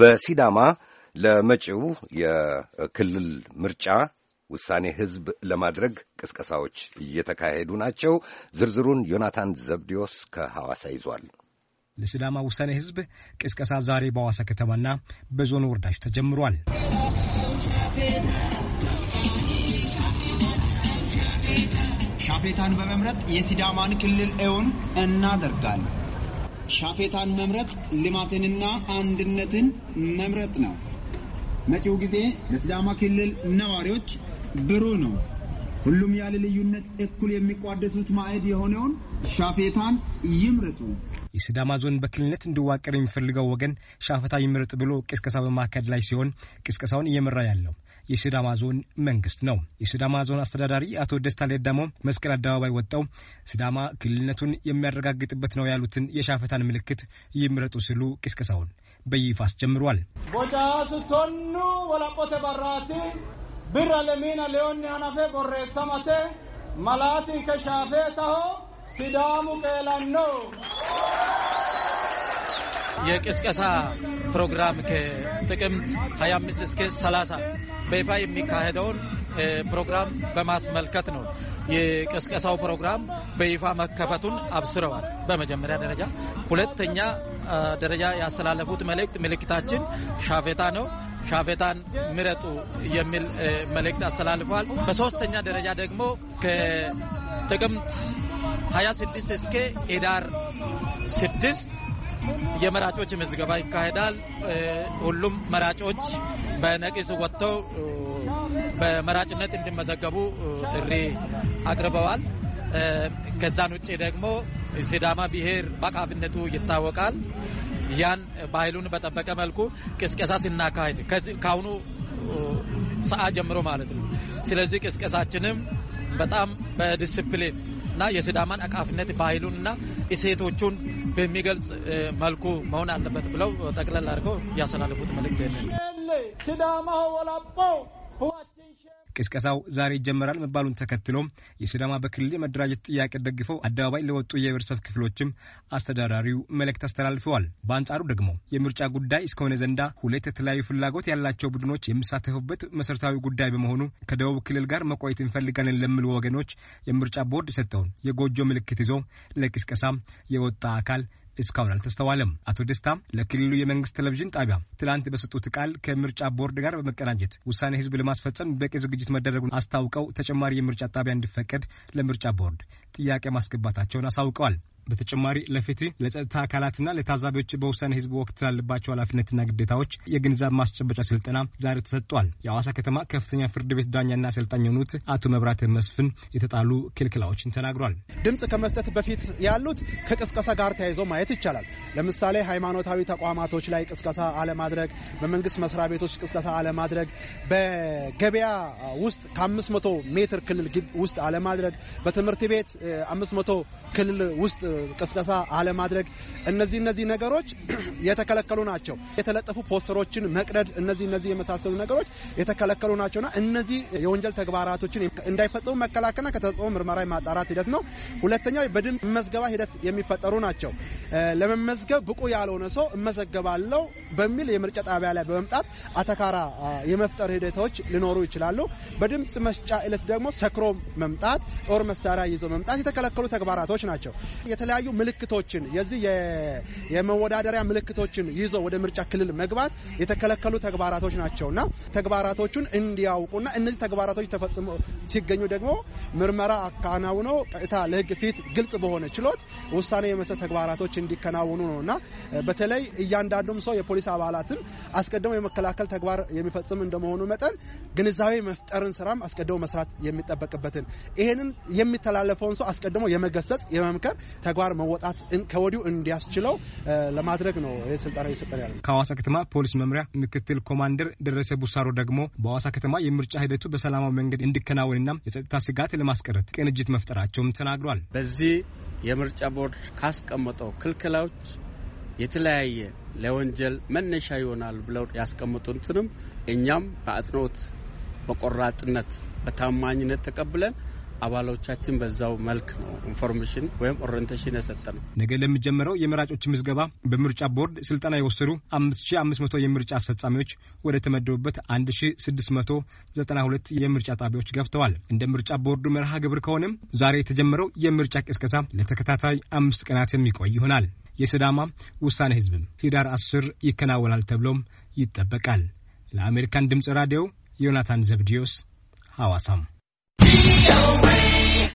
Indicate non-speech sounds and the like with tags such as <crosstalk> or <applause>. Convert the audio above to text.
በሲዳማ ለመጪው የክልል ምርጫ ውሳኔ ህዝብ ለማድረግ ቅስቀሳዎች እየተካሄዱ ናቸው። ዝርዝሩን ዮናታን ዘብዲዮስ ከሐዋሳ ይዟል። ለሲዳማ ውሳኔ ህዝብ ቅስቀሳ ዛሬ በሐዋሳ ከተማና በዞኑ ወረዳዎች ተጀምሯል። ሻፌታን በመምረጥ የሲዳማን ክልል እውን እናደርጋለን። ሻፌታን መምረጥ ልማትንና አንድነትን መምረጥ ነው። መጪው ጊዜ ለሲዳማ ክልል ነዋሪዎች ብሩህ ነው። ሁሉም ያለ ልዩነት እኩል የሚቋደሱት ማዕድ የሆነውን ሻፌታን ይምረጡ። የሲዳማ ዞን በክልልነት እንዲዋቀር የሚፈልገው ወገን ሻፈታ ይምረጥ ብሎ ቅስቀሳ በማካሄድ ላይ ሲሆን ቅስቀሳውን እየመራ ያለው የሲዳማ ዞን መንግስት ነው። የሲዳማ ዞን አስተዳዳሪ አቶ ደስታ ሌዳሞ መስቀል አደባባይ ወጥተው ሲዳማ ክልልነቱን የሚያረጋግጥበት ነው ያሉትን የሻፈታን ምልክት ይምረጡ ሲሉ ቅስቀሳውን በይፋ አስጀምሯል። ቦጫ ስቶኑ ወላቆቴ ባራቲ ብር ለሚና ሊዮን ሀናፌ ቦሬሰማቴ መላቲ ከሻፌ ታሆ ሲዳሙ ቀላን ነው የቅስቀሳ ፕሮግራም ከጥቅምት 25 እስከ 30 በይፋ የሚካሄደውን ፕሮግራም በማስመልከት ነው። የቅስቀሳው ፕሮግራም በይፋ መከፈቱን አብስረዋል። በመጀመሪያ ደረጃ ሁለተኛ ደረጃ ያስተላለፉት መልእክት ምልክታችን ሻፌታ ነው፣ ሻፌታን ምረጡ የሚል መልእክት አስተላልፏል። በሶስተኛ ደረጃ ደግሞ ከጥቅምት 26 እስከ ኤዳር 6 የመራጮች ምዝገባ ይካሄዳል። ሁሉም መራጮች በነቂስ ወጥተው በመራጭነት እንዲመዘገቡ ጥሪ አቅርበዋል። ከዛን ውጭ ደግሞ ሲዳማ ብሔር በቃብነቱ ይታወቃል። ያን ባህሉን በጠበቀ መልኩ ቅስቀሳ ስናካሄድ ከአሁኑ ሰዓት ጀምሮ ማለት ነው። ስለዚህ ቅስቀሳችንም በጣም በዲስፕሊን እና የሲዳማን አቃፊነት ባህሉንና እሴቶቹን በሚገልጽ መልኩ መሆን አለበት ብለው ጠቅለል አድርገው ያሰላልፉት መልእክት ሲዳማ ወላባው ቅስቀሳው ዛሬ ይጀመራል መባሉን ተከትሎ የሲዳማ በክልል የመደራጀት ጥያቄ ደግፈው አደባባይ ለወጡ የብሔረሰብ ክፍሎችም አስተዳዳሪው መልእክት አስተላልፈዋል። በአንጻሩ ደግሞ የምርጫ ጉዳይ እስከሆነ ዘንዳ ሁለት የተለያዩ ፍላጎት ያላቸው ቡድኖች የሚሳተፉበት መሰረታዊ ጉዳይ በመሆኑ ከደቡብ ክልል ጋር መቆየት እንፈልጋለን ለሚሉ ወገኖች የምርጫ ቦርድ የሰጠውን የጎጆ ምልክት ይዞ ለቅስቀሳ የወጣ አካል እስካሁን አልተስተዋለም። አቶ ደስታም ለክልሉ የመንግስት ቴሌቪዥን ጣቢያ ትላንት በሰጡት ቃል ከምርጫ ቦርድ ጋር በመቀናጀት ውሳኔ ህዝብ ለማስፈጸም በቂ ዝግጅት መደረጉን አስታውቀው ተጨማሪ የምርጫ ጣቢያ እንዲፈቀድ ለምርጫ ቦርድ ጥያቄ ማስገባታቸውን አሳውቀዋል። በተጨማሪ ለፍትህ ለጸጥታ አካላትና ለታዛቢዎች በውሳኔ ህዝብ ወቅት ላለባቸው ኃላፊነትና ግዴታዎች የግንዛብ ማስጨበጫ ስልጠና ዛሬ ተሰጥቷል። የአዋሳ ከተማ ከፍተኛ ፍርድ ቤት ዳኛና አሰልጣኝ የሆኑት አቶ መብራት መስፍን የተጣሉ ክልክላዎችን ተናግሯል። ድምፅ ከመስጠት በፊት ያሉት ከቅስቀሳ ጋር ተያይዞ ማየት ማየት ይቻላል። ለምሳሌ ሃይማኖታዊ ተቋማቶች ላይ ቅስቀሳ አለማድረግ፣ በመንግስት መስሪያ ቤቶች ቅስቀሳ አለማድረግ፣ በገበያ ውስጥ ከ500 ሜትር ክልል ውስጥ አለማድረግ፣ በትምህርት ቤት 500 ክልል ውስጥ ቅስቀሳ አለማድረግ፣ እነዚህ እነዚህ ነገሮች <clears throat> የተከለከሉ ናቸው። የተለጠፉ ፖስተሮችን መቅደድ፣ እነዚህ እነዚህ የመሳሰሉ ነገሮች የተከለከሉ ናቸውና እነዚህ የወንጀል ተግባራቶችን እንዳይፈጽሙ መከላከልና ከተፈጸሙ ምርመራ የማጣራት ሂደት ነው። ሁለተኛው በድምፅ መዝገባ ሂደት የሚፈጠሩ ናቸው። ለመመዝገብ ብቁ ያልሆነ ሰው እመዘገባለሁ በሚል የምርጫ ጣቢያ ላይ በመምጣት አተካራ የመፍጠር ሂደቶች ሊኖሩ ይችላሉ። በድምፅ መስጫ እለት ደግሞ ሰክሮ መምጣት፣ ጦር መሳሪያ ይዞ መምጣት የተከለከሉ ተግባራቶች ናቸው። የተለያዩ ምልክቶችን የዚህ የመወዳደሪያ ምልክቶችን ይዞ ወደ ምርጫ ክልል መግባት የተከለከሉ ተግባራቶች ናቸውና ተግባራቶቹን እንዲያውቁና እነዚህ ተግባራቶች ተፈጽሞ ሲገኙ ደግሞ ምርመራ አካናውኖ ቀጥታ ለህግ ፊት ግልጽ በሆነ ችሎት ውሳኔ የመሰ ተግባራቶች እንዲከናወኑ ነውና በተለይ እያንዳንዱም ሰው የፖሊስ አባላትም አስቀድሞ የመከላከል ተግባር የሚፈጽም እንደመሆኑ መጠን ግንዛቤ መፍጠርን ስራም አስቀድሞ መስራት የሚጠበቅበትን ይሄንን የሚተላለፈውን ሰው አስቀድሞ የመገሰጽ የመምከር ተግባር መወጣት ከወዲሁ እንዲያስችለው ለማድረግ ነው ይህ ስልጠና እየሰጠን ያለ። ከሐዋሳ ከተማ ፖሊስ መምሪያ ምክትል ኮማንደር ደረሰ ቡሳሮ ደግሞ በሐዋሳ ከተማ የምርጫ ሂደቱ በሰላማዊ መንገድ እንዲከናወንና የጸጥታ ስጋት ለማስቀረት ቅንጅት መፍጠራቸውም ተናግሯል። በዚህ የምርጫ ቦርድ ካስቀመጠው ክልክላዎች የተለያየ ለወንጀል መነሻ ይሆናል ብለው ያስቀምጡትንም እኛም በአጽንኦት በቆራጥነት በታማኝነት ተቀብለን አባሎቻችን በዛው መልክ ነው ኢንፎርሜሽን ወይም ኦሪንቴሽን የሰጠ ነው። ነገ ለሚጀመረው የመራጮች ምዝገባ በምርጫ ቦርድ ስልጠና የወሰዱ 5500 የምርጫ አስፈጻሚዎች ወደ ተመደቡበት 1692 የምርጫ ጣቢያዎች ገብተዋል። እንደ ምርጫ ቦርዱ መርሃ ግብር ከሆነም ዛሬ የተጀመረው የምርጫ ቅስቀሳ ለተከታታይ አምስት ቀናት የሚቆይ ይሆናል። የሲዳማ ውሳኔ ህዝብም ህዳር 10 ይከናወናል ተብሎም ይጠበቃል። ለአሜሪካን ድምፅ ራዲዮ ዮናታን ዘብዲዮስ ሐዋሳም Show me.